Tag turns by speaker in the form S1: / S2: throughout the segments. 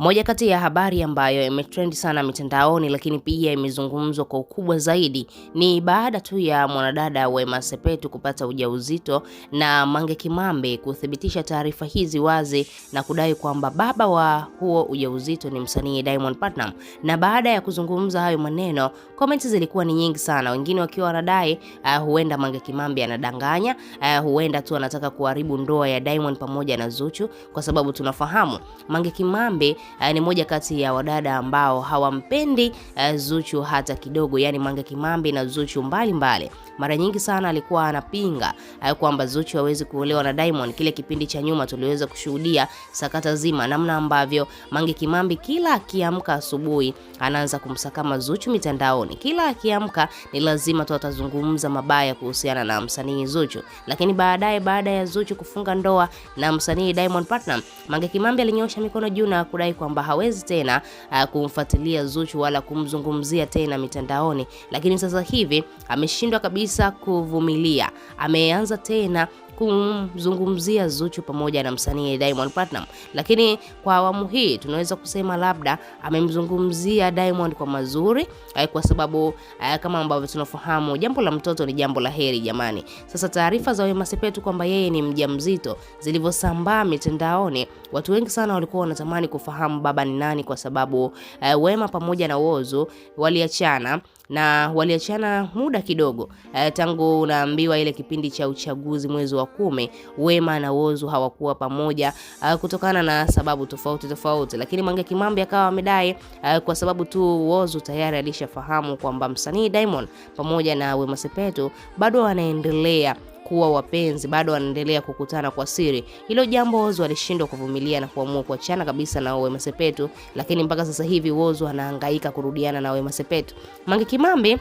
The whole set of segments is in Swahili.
S1: Moja kati ya habari ambayo imetrend sana mitandaoni lakini pia imezungumzwa kwa ukubwa zaidi ni baada tu ya mwanadada Wema Sepetu kupata ujauzito na Mange Kimambe kuthibitisha taarifa hizi wazi na kudai kwamba baba wa huo ujauzito ni msanii Diamond Platnumz. Na baada ya kuzungumza hayo maneno, comments zilikuwa ni nyingi sana, wengine wakiwa wanadai uh, huenda Mange Kimambe anadanganya, uh, huenda tu anataka kuharibu ndoa ya Diamond pamoja na Zuchu, kwa sababu tunafahamu Mange Kimambe uh, ni moja kati ya wadada ambao hawampendi uh, Zuchu hata kidogo, yani Mange Kimambi na Zuchu mbalimbali mbali. Mara nyingi sana alikuwa anapinga uh, kwamba Zuchu hawezi kuolewa na Diamond. Kile kipindi cha nyuma tuliweza kushuhudia sakata zima namna ambavyo Mange Kimambi kila akiamka asubuhi anaanza kumsakama Zuchu mitandaoni, kila akiamka ni lazima tu atazungumza mabaya kuhusiana na msanii Zuchu. Lakini baadaye baada ya Zuchu kufunga ndoa na msanii Diamond Platnumz, Mange Kimambi alinyosha mikono juu na kudai kwamba hawezi tena uh, kumfuatilia Zuchu wala kumzungumzia tena mitandaoni, lakini sasa hivi ameshindwa kabisa kuvumilia, ameanza tena kumzungumzia Zuchu pamoja na msanii Diamond Platinum, lakini kwa awamu hii tunaweza kusema labda amemzungumzia Diamond kwa mazuri, eh, kwa sababu eh, kama ambavyo tunafahamu jambo la mtoto ni jambo la heri jamani. Sasa taarifa za Wema Sepetu kwamba yeye ni mjamzito zilivyosambaa mitandaoni, watu wengi sana walikuwa wanatamani kufahamu baba ni nani, kwa sababu eh, Wema pamoja na Whozu waliachana na waliachana muda kidogo eh, tangu unaambiwa ile kipindi cha uchaguzi mwezi wa kumi, Wema na Whozu hawakuwa pamoja eh, kutokana na sababu tofauti tofauti, lakini Mange Kimambi akawa amedai eh, kwa sababu tu Whozu tayari alishafahamu kwamba msanii Diamond pamoja na Wema Sepetu bado wanaendelea kuwa wapenzi bado wanaendelea kukutana kwa siri. Hilo jambo Whozu alishindwa kuvumilia na kuamua kuachana kabisa na Wema Sepetu, lakini mpaka sasa hivi Whozu anahangaika kurudiana na Wema Sepetu. Mange Kimambi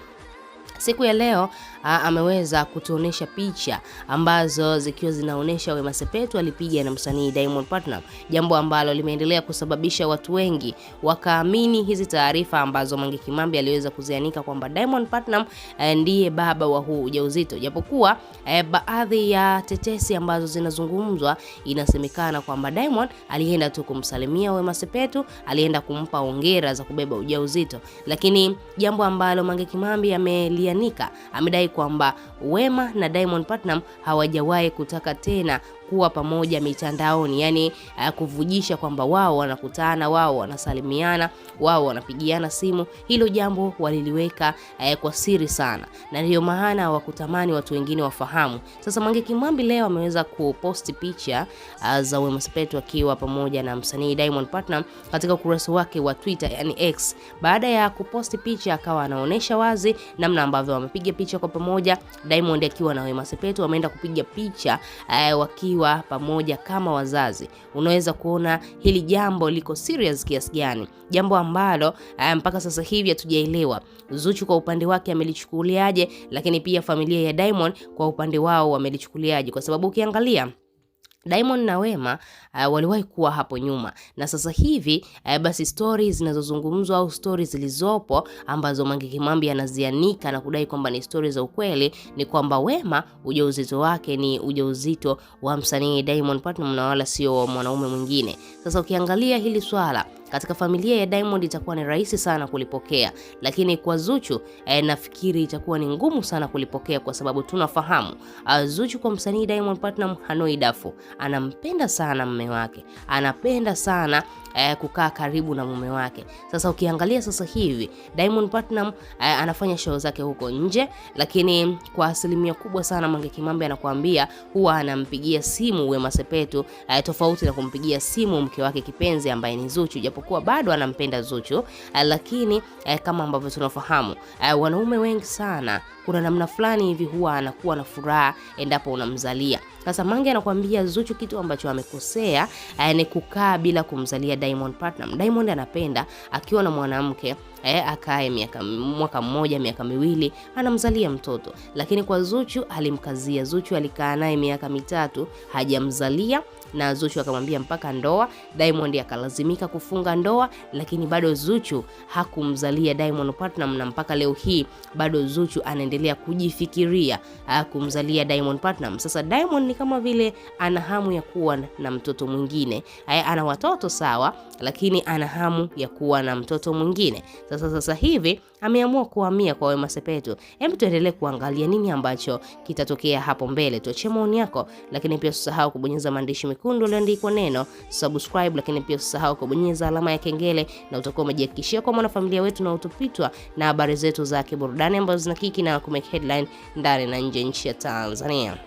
S1: siku ya leo a, ameweza kutuonesha picha ambazo zikiwa zinaonesha Wema Sepetu alipiga na msanii Diamond Platnumz, jambo ambalo limeendelea kusababisha watu wengi wakaamini hizi taarifa ambazo Mange Kimambi aliweza kuzianika kwamba Diamond Platnumz e, ndiye baba wa huu ujauzito, japokuwa e, baadhi ya tetesi ambazo zinazungumzwa inasemekana kwamba Diamond alienda tu kumsalimia Wema Sepetu, alienda kumpa hongera za kubeba ujauzito, lakini jambo ambalo Mange Kimambi amelianika amedai kwamba Wema na Diamond Platinum hawajawahi kutaka tena kuwa pamoja mitandaoni, yani uh, kuvujisha kwamba wao wanakutana, wao wanasalimiana, wao wanapigiana simu. Hilo jambo waliliweka uh, kwa siri sana, na ndiyo maana wakutamani watu wengine wafahamu. Sasa Mange Kimambi leo ameweza kuposti picha uh, za Wema Sepetu akiwa pamoja na msanii Diamond Platnumz katika ukurasa wake wa Twitter, yani X. Baada ya kuposti picha, akawa anaonesha wazi namna ambavyo wamepiga picha kwa pamoja, Diamond akiwa na Wema Sepetu wameenda kupiga picha uh, wakiwa mkiwa pamoja kama wazazi, unaweza kuona hili jambo liko serious kiasi gani, jambo ambalo eh, mpaka sasa hivi hatujaelewa Zuchu kwa upande wake amelichukuliaje, lakini pia familia ya Diamond kwa upande wao wamelichukuliaje, kwa sababu ukiangalia Diamond na Wema uh, waliwahi kuwa hapo nyuma na sasa hivi uh, basi stori zinazozungumzwa au stori zilizopo ambazo Mange Kimambi anazianika na kudai kwamba ni stori za ukweli ni kwamba Wema ujauzito wake ni ujauzito wa msanii Diamond Platnumz na wala sio wa mwanaume mwingine. Sasa ukiangalia hili swala katika familia ya Diamond itakuwa ni rahisi sana kulipokea, lakini kwa Zuchu eh, nafikiri itakuwa ni ngumu sana kulipokea kwa sababu tunafahamu eh, Zuchu kwa msanii Diamond Platinum hanoi dafu, anampenda sana mume wake, anapenda sana eh, kukaa karibu na mume wake. Sasa ukiangalia sasa hivi Diamond Platinum eh, anafanya show zake huko nje, lakini kwa asilimia kubwa sana Mange Kimambi anakuambia huwa anampigia simu Wema Sepetu eh, tofauti na kumpigia simu mke wake kipenzi ambaye ni Zuchu japo japokuwa bado anampenda Zuchu, eh, lakini eh, kama ambavyo tunafahamu eh, wanaume wengi sana, kuna namna fulani hivi huwa anakuwa na furaha endapo unamzalia. Sasa Mange anakuambia Zuchu kitu ambacho amekosea ni kukaa bila kumzalia Diamond Platnumz. Diamond anapenda akiwa na mwanamke eh, akae miaka mwaka mmoja miaka miwili anamzalia mtoto, lakini kwa Zuchu alimkazia. Zuchu alikaa naye miaka mitatu hajamzalia, na Zuchu akamwambia mpaka ndoa. Diamond akalazimika kufunga ndoa, lakini bado Zuchu hakumzalia Diamond Platinum, na mpaka leo hii bado Zuchu anaendelea kujifikiria ah, kumzalia Diamond Platinum. Sasa Diamond ni kama vile ana hamu ya kuwa na mtoto mwingine. Haya, ana watoto sawa, lakini ana hamu ya kuwa na mtoto mwingine. Sasa sasa hivi ameamua kuhamia kwa Wema Sepetu. Hebu tuendelee kuangalia nini ambacho kitatokea hapo mbele, tuachie maoni yako, lakini pia usisahau kubonyeza maandishi nyekundu iliyoandikwa neno subscribe, lakini pia usisahau kubonyeza alama ya kengele na utakuwa umejiakikishia kwa mwanafamilia wetu na utopitwa na habari zetu za kiburudani ambazo zinakiki na kumake headline ndani na nje nchi ya Tanzania.